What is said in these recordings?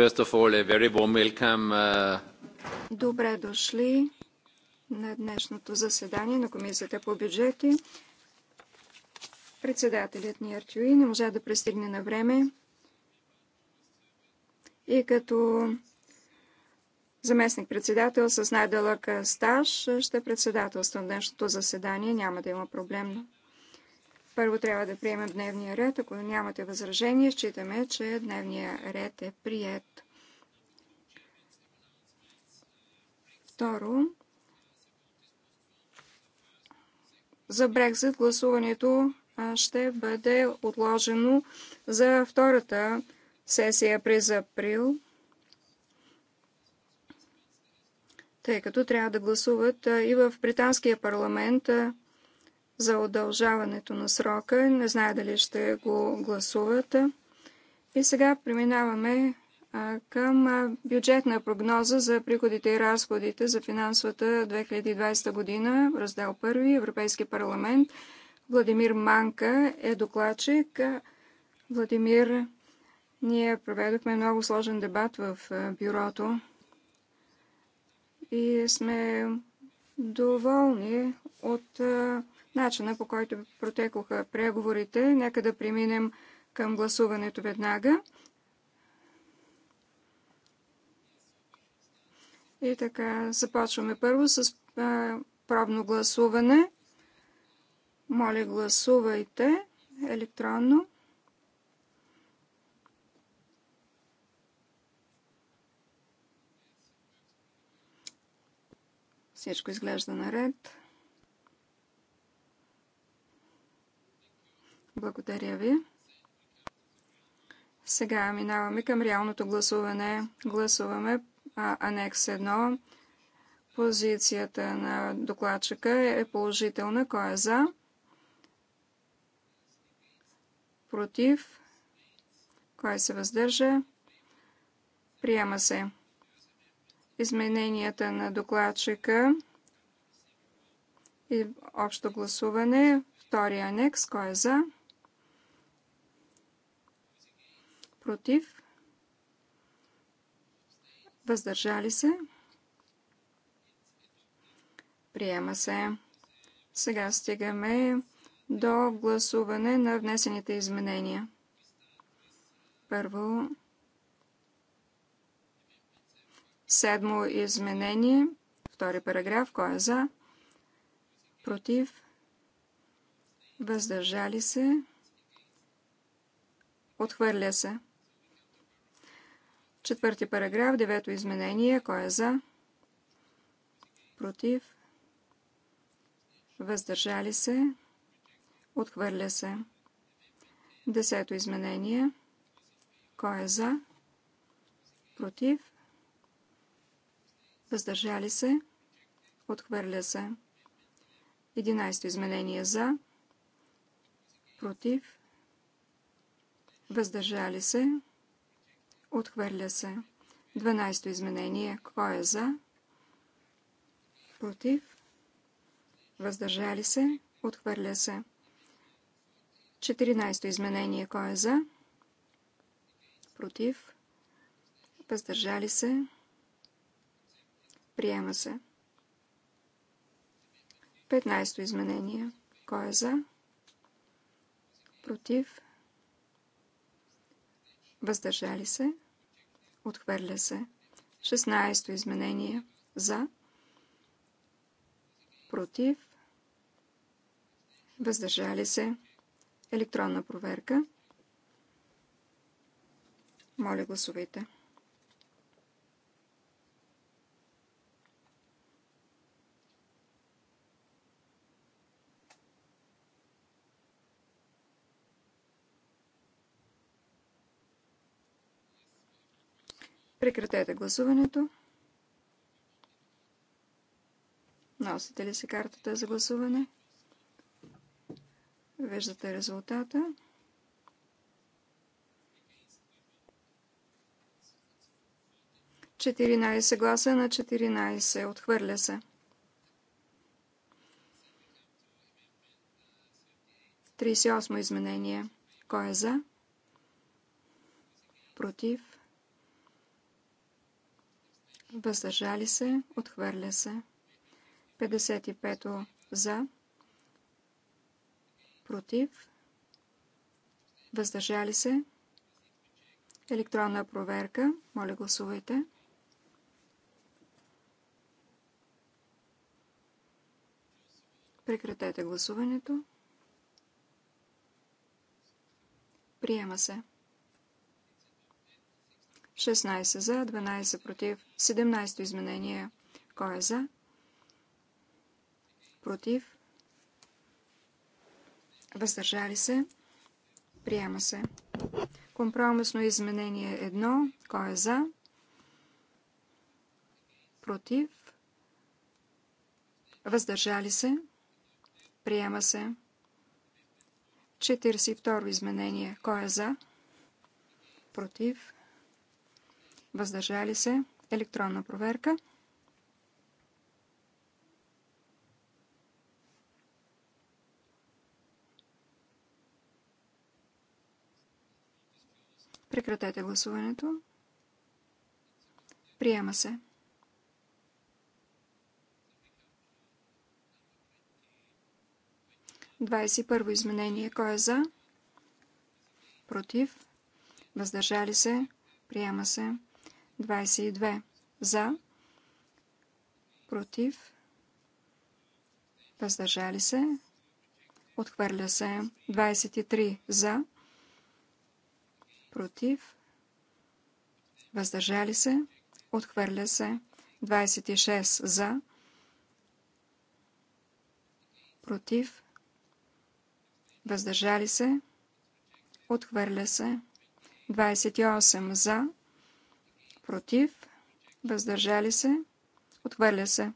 First of all, a very warm welcome. Uh, Добре дошли на днешното заседание на Комисията по бюджети. Председателят ни Артюи не можа да пристигне на време. И като заместник-председател с най-дълъг стаж ще на днешното заседание. Няма да има проблем. Първо трябва да приемем дневния ред. Ако нямате възражение, считаме, че дневния ред е прият. Второ, за Брекзит гласуването ще бъде отложено за втората сесия през април, тъй като трябва да гласуват и в британския парламент за удължаването на срока. Не знае дали ще го гласуват. И сега преминаваме към бюджетна прогноза за приходите и разходите за финансовата 2020 година, раздел 1, Европейски парламент. Владимир Манка е докладчик. Владимир, ние проведохме много сложен дебат в бюрото и сме доволни от начина по който протекоха преговорите. Нека да преминем към гласуването веднага. И така, започваме първо с пробно гласуване. Моля, гласувайте електронно. Всичко изглежда наред. Благодаря ви. Сега минаваме към реалното гласуване. Гласуваме а, анекс 1. Позицията на докладчика е положителна. Кой е за? Против? Кой се въздържа? Приема се. Измененията на докладчика и общо гласуване. Втори анекс. Кой е за? против, въздържали се, приема се. Сега стигаме до гласуване на внесените изменения. Първо, седмо изменение, втори параграф, кой е за, против, въздържали се, отхвърля се. Четвърти параграф, девето изменение. Кой е за? Против. Въздържали се. Отхвърля се. Десето изменение. Кой е за? Против. Въздържали се. Отхвърля се. Единайсто изменение за. Против. Въздържали се. Отхвърля се. 12-то изменение. Кой е за? Против. Въздържали се. Отхвърля се. 14-то изменение. Кой е за? Против. Въздържали се. Приема се. 15-то изменение. Кой е за? Против. Въздържали се. Отхвърля се. 16-то изменение. За. Против. Въздържали се. Електронна проверка. Моля гласувайте. Прекратете гласуването. Носите ли се картата за гласуване? Виждате резултата. Четиринайсе гласа на 14. Отхвърля се. 38 изменение. Кой е за? Против? въздържали се, отхвърля се. 55 за, против, въздържали се, електронна проверка, моля гласувайте. Прекратете гласуването. Приема се. 16 за, 12 против, 17 изменение. Кой е за? Против. Въздържали се. Приема се. Компромисно изменение 1. Кой е за? Против. Въздържали се. Приема се. 42 изменение. Кой е за? Против въздържали се, електронна проверка. Прекратете гласуването. Приема се. Двадесет първо изменение. Кой е за? Против? Въздържали се? Приема се. 22 за, против, въздържали се, отхвърля се 23 за, против, въздържали се, отхвърля се 26 за, против, въздържали се, отхвърля се 28 за, против, против, въздържали се, отхвърля се.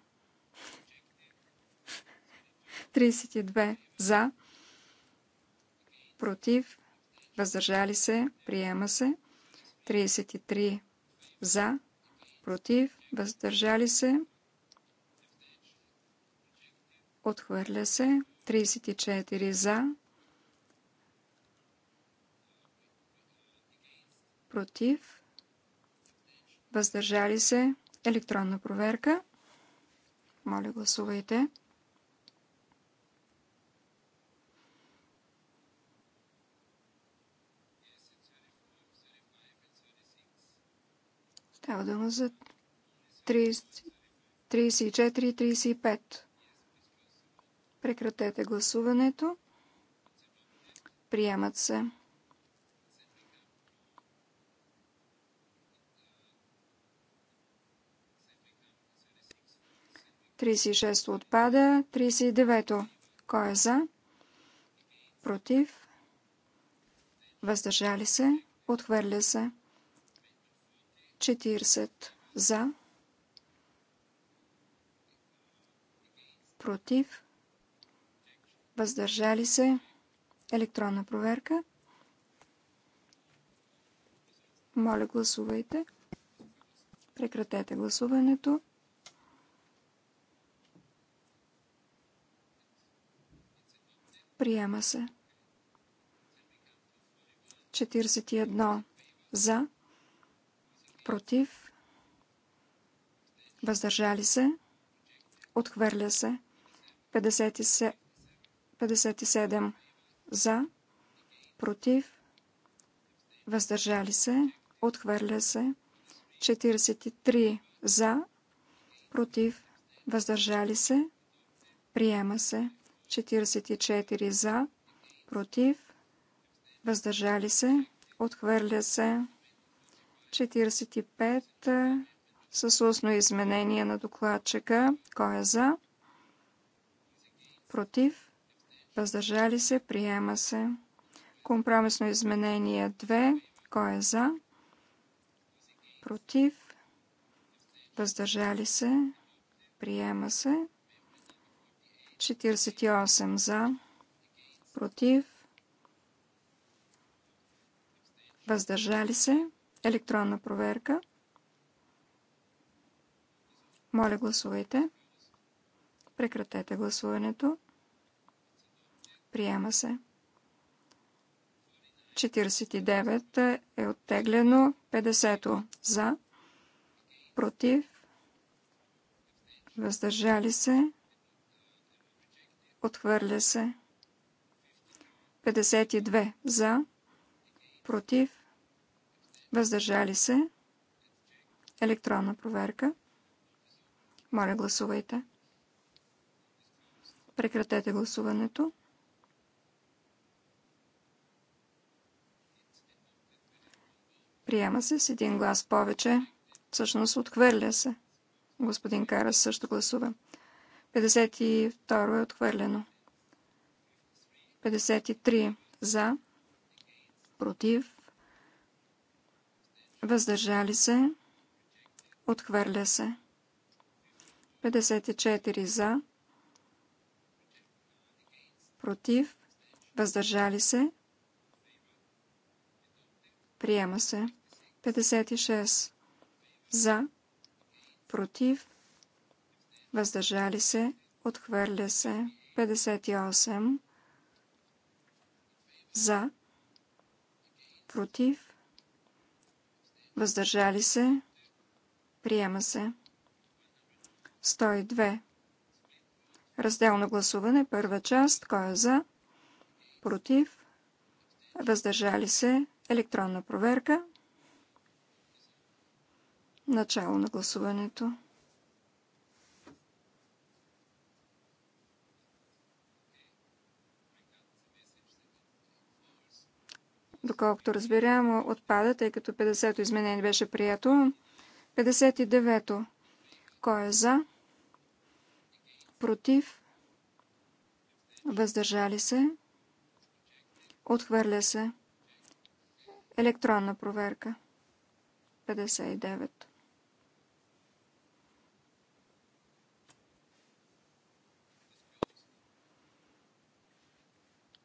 32 за, против, въздържали се, приема се. 33 за, против, въздържали се, отхвърля се. 34 за, против, въздържали се, електронна проверка. Моля, гласувайте. Става дума за 34-35. Прекратете гласуването. Приемат се. 36 отпада. 39. Кой е за? Против. Въздържали се. Отхвърля се. 40. За. Против. Въздържали се. Електронна проверка. Моля, гласувайте. Прекратете гласуването. Приема се. 41 за, против, въздържали се, отхвърля се. 57, 57 за, против, въздържали се, отхвърля се. 43 за, против, въздържали се, приема се. 44 за, против, въздържали се, отхвърля се 45 е, с устно изменение на докладчика. Кой е за? Против, въздържали се, приема се. Компромисно изменение 2. Кой е за? Против, въздържали се, приема се. 48 за, против, въздържали се, електронна проверка. Моля, гласувайте. Прекратете гласуването. Приема се. 49 е оттеглено. 50 за. Против. Въздържали се. Отхвърля се. 52 за. Против. Въздържали се. Електронна проверка. Моля, гласувайте. Прекратете гласуването. Приема се с един глас повече. Всъщност отхвърля се. Господин Карас също гласува. 52 е отхвърлено. 53 за, против, въздържали се, отхвърля се. 54 за, против, въздържали се, приема се. 56 за, против, въздържали се, отхвърля се. 58 за, против, въздържали се, приема се. 102. Разделно гласуване, първа част, кой е за, против, въздържали се, електронна проверка, начало на гласуването. доколкото разбирам, отпада, тъй като 50-то изменение беше прието. 59-то. Кой е за? Против? Въздържали се? Отхвърля се. Електронна проверка. 59.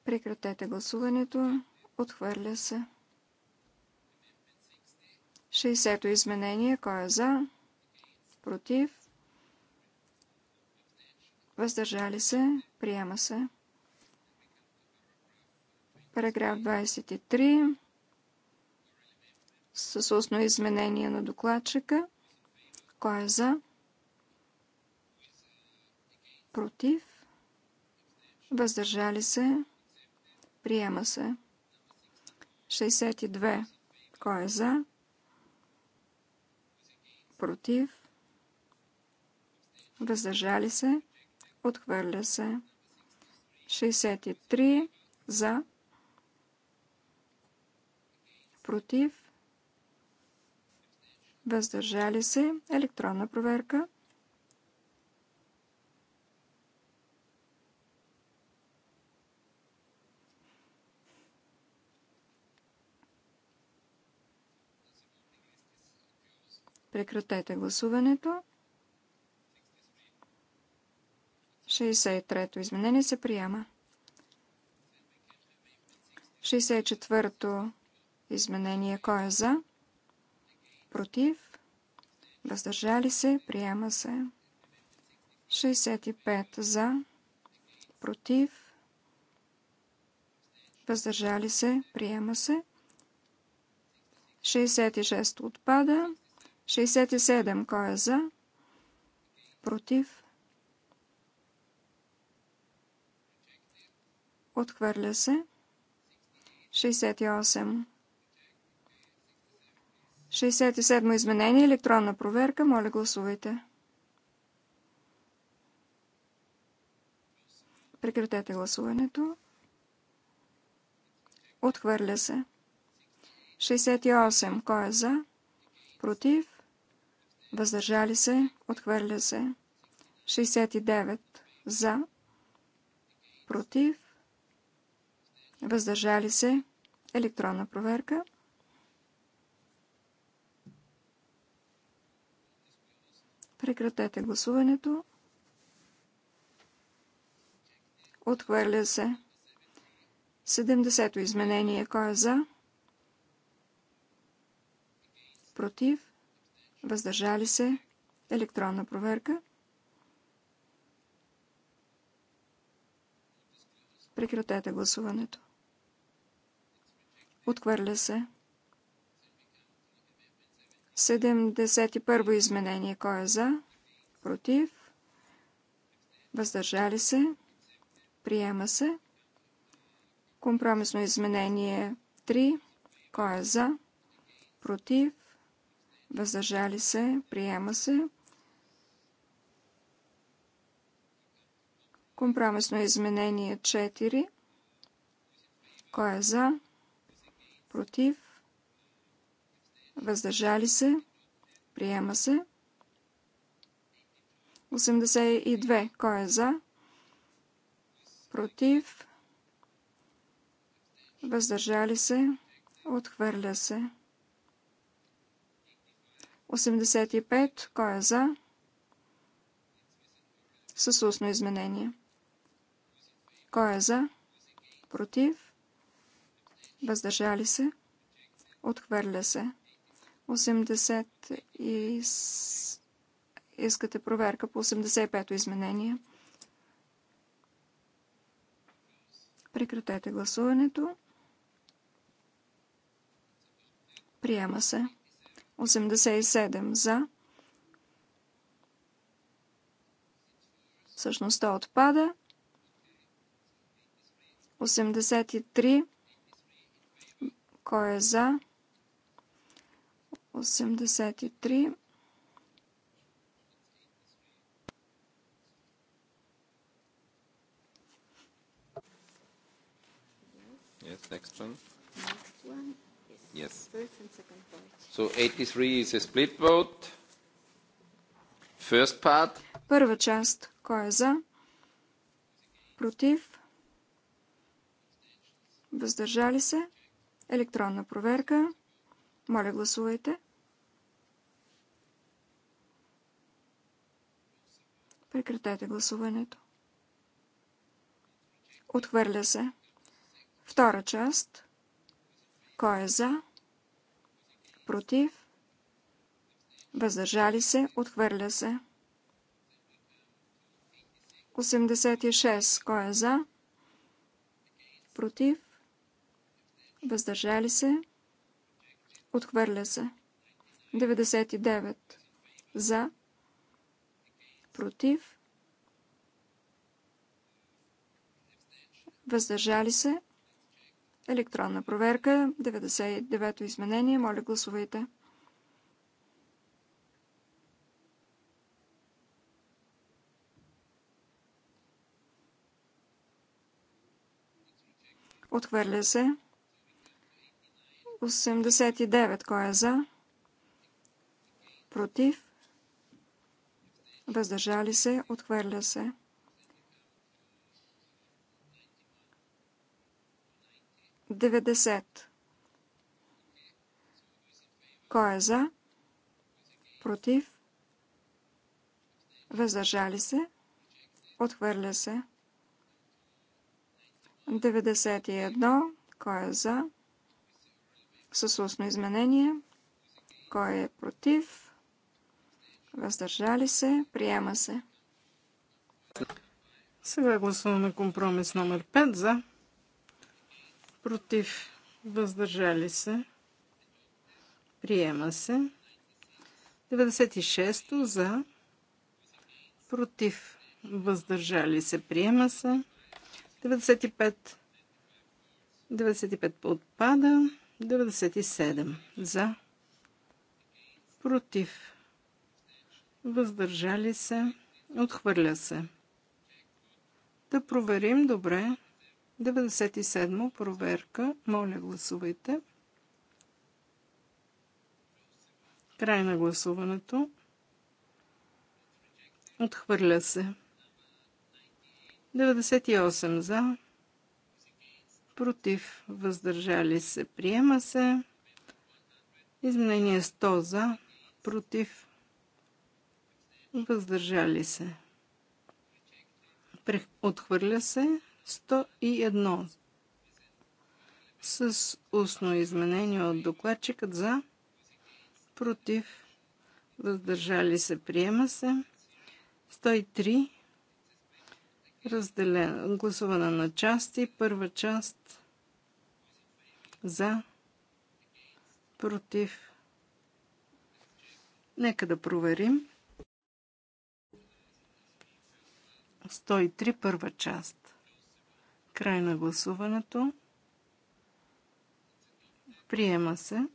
Прекратете гласуването. Отхвърля се. 60-то изменение. Кой е за? Против? Въздържали се? Приема се. Параграф 23 с устно изменение на докладчика. Кой е за? Против? Въздържали се? Приема се. 62. Кой е за? Против? Въздържали се? Отхвърля се. 63. За? Против? Въздържали се? Електронна проверка. Прекратете гласуването. 63-то изменение се приема. 64-то изменение. Кой е за? Против? Въздържали се? Приема се. 65 за. Против? Въздържали се? Приема се. 66 отпада. 67. Кой е за? Против. Отхвърля се. 68. 67 изменение. Електронна проверка. Моля гласувайте. Прекратете гласуването. Отхвърля се. 68. Кой е за? Против? въздържали се, отхвърля се. 69 за, против, въздържали се, електронна проверка. Прекратете гласуването. Отхвърля се. 70-то изменение. Кой е за? Против? въздържали се, електронна проверка. Прекратете гласуването. Отхвърля се. 71 изменение. Кой е за? Против? Въздържали се? Приема се. Компромисно изменение 3. Кой е за? Против? въздържали се, приема се. Компромисно изменение 4. Кой е за? Против? Въздържали се? Приема се. 82. Кой е за? Против? Въздържали се? Отхвърля се. 85. Кой е за? С устно изменение. Кой е за? Против? Въздържали се? Отхвърля се. 80 и... Искате проверка по 85-то изменение. Прекратете гласуването. Приема се. 87 за. Всъщност то отпада. 83. Кой е за? 83. Yes, next one. Next one. Yes. yes. First and second part. 83 is a split vote. First part. Първа част. Кой е за? Против? Въздържали се? Електронна проверка. Моля, гласувайте. Прекратете гласуването. Отхвърля се. Втора част. Кой е за? против, въздържали се, отхвърля се. 86. Кой е за? Против, въздържали се, отхвърля се. 99. За, против, въздържали се, Електронна проверка, 99-то изменение. Моля, гласувайте. Отхвърля се. 89. Кой е за? Против? Въздържали се? Отхвърля се. 90. Кой е за? Против? Въздържали се? Отхвърля се. 91. Кой е за? С устно изменение. Кой е против? Въздържали се? Приема се. Сега гласуваме компромис номер 5 за против, въздържали се, приема се. 96 за, против, въздържали се, приема се. 95, 95 отпада, 97 за, против, въздържали се, отхвърля се. Да проверим добре. 97. Проверка. Моля, гласувайте. Край на гласуването. Отхвърля се. 98 за. Против. Въздържали се. Приема се. Изменение 100 за. Против. Въздържали се. Отхвърля се. 101 с устно изменение от докладчикът за против въздържали се приема се 103 разделена гласувана на части първа част за против нека да проверим 103 първа част Край на гласуването. Приема се.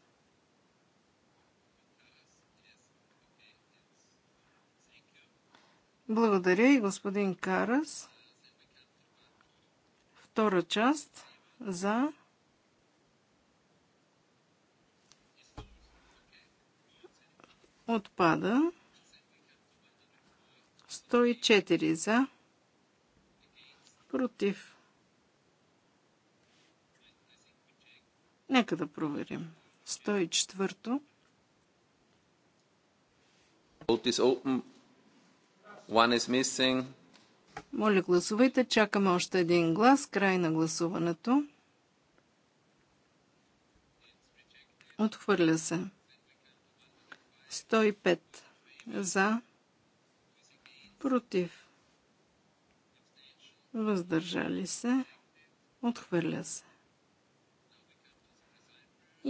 Благодаря и господин Карас. Втора част за отпада 104 за против Нека да проверим. 104-то. Моля, гласувайте. Чакаме още един глас. Край на гласуването. Отхвърля се. 105 за, против, въздържали се, отхвърля се.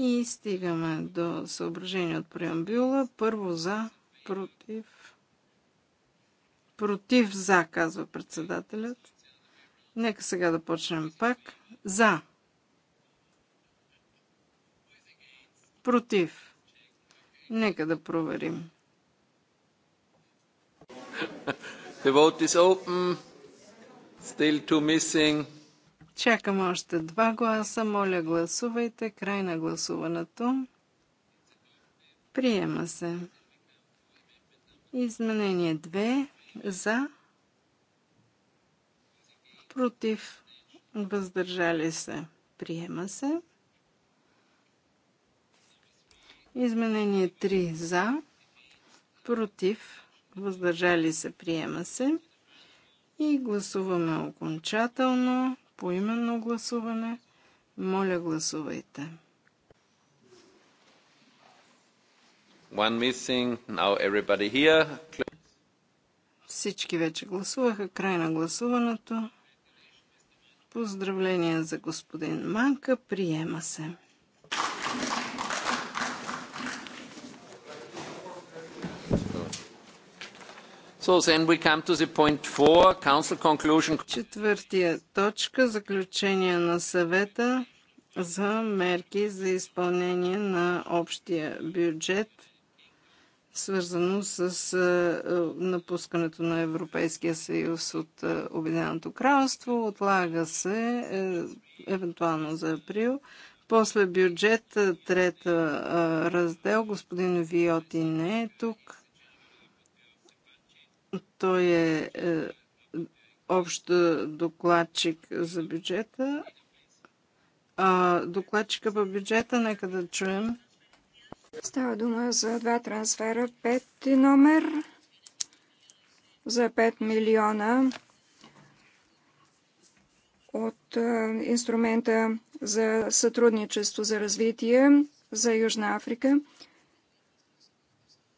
И стигаме до съображение от преамбюла. Първо за, против. Против за, казва председателят. Нека сега да почнем пак. За. Против. Нека да проверим. The vote is open. Still two missing. Чакам още два гласа. Моля, гласувайте. Край на гласуването. Приема се. Изменение 2 за против въздържали се. Приема се. Изменение 3 за против въздържали се. Приема се. И гласуваме окончателно по именно гласуване. Моля, гласувайте. One missing. Now everybody here. Всички вече гласуваха. Край на гласуването. Поздравления за господин Манка. Приема се. Четвъртия точка, заключение на съвета за мерки за изпълнение на общия бюджет, свързано с е, напускането на Европейския съюз от е, Обединеното кралство. Отлага се е, евентуално за април. После бюджет, трета раздел, господин Виоти не е тук. Той е, е общ докладчик за бюджета. А, докладчика по бюджета, нека да чуем. Става дума за два трансфера. Пети номер за 5 милиона от е, инструмента за сътрудничество за развитие за Южна Африка.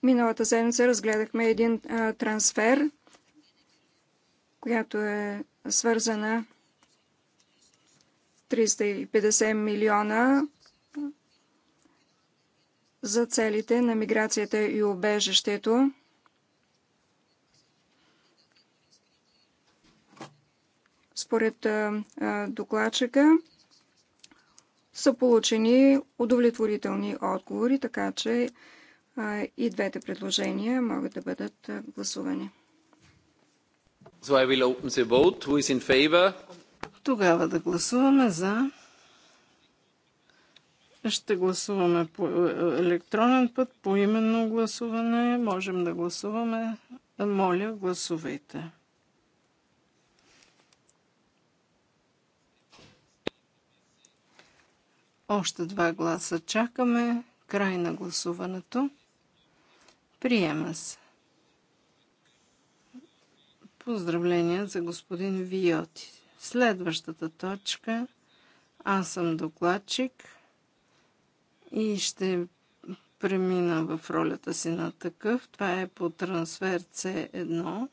Миналата седмица разгледахме един а, трансфер, която е свързана 350 милиона за целите на миграцията и обежището. Според а, докладчика са получени удовлетворителни отговори, така че и двете предложения могат да бъдат гласувани. So I will open the vote. Who is in favor? Тогава да гласуваме за. Ще гласуваме по е, е, електронен път, по именно гласуване. Можем да гласуваме. Моля, гласувайте. Още два гласа чакаме. Край на гласуването. Приема се. Поздравления за господин Виоти. Следващата точка. Аз съм докладчик и ще премина в ролята си на такъв. Това е по трансфер C1.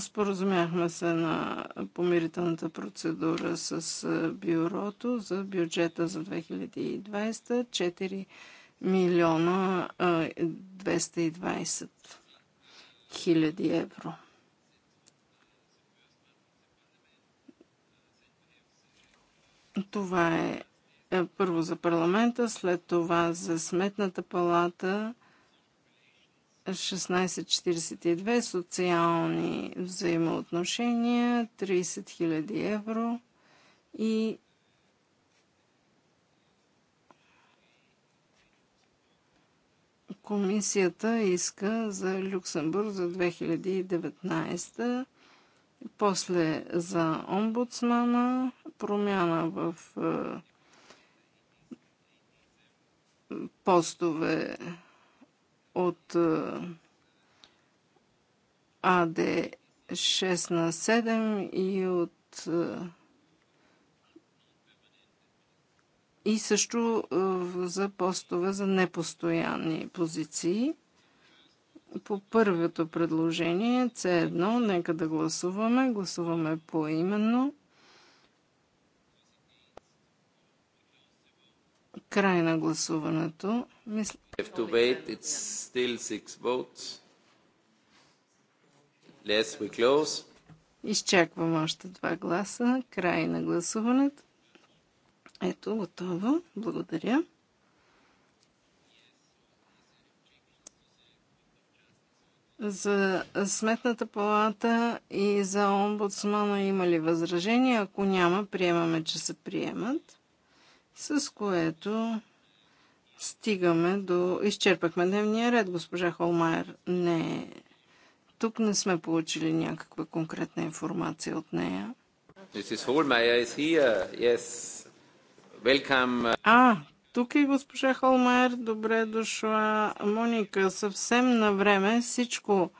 Споразумяхме се на помирителната процедура с е, бюрото за бюджета за 2020 4 милиона 220 е, хиляди евро. Това е, е първо за парламента, след това за сметната палата – 1642 социални взаимоотношения 30 000 евро и комисията иска за Люксембург за 2019 после за омбудсмана промяна в е, постове от е, АД 6 на 7 и от е, и също е, за постове за непостоянни позиции. По първото предложение, C1, нека да гласуваме. Гласуваме поименно. Край на гласуването. Мисля... Изчаквам още два гласа. Край на гласуването. Ето, готово. Благодаря. За сметната палата и за омбудсмана има ли възражения? Ако няма, приемаме, че се приемат с което стигаме до... Изчерпахме дневния ред. Госпожа Холмайер не е Тук не сме получили някаква конкретна информация от нея. Uh, а, тук е госпожа Холмайер. Добре е дошла. Моника, съвсем на време всичко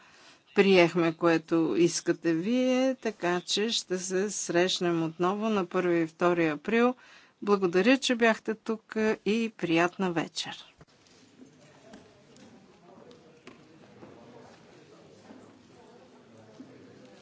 приехме, което искате вие, така че ще се срещнем отново на 1 и 2 април благодаря, че бяхте тук и приятна вечер!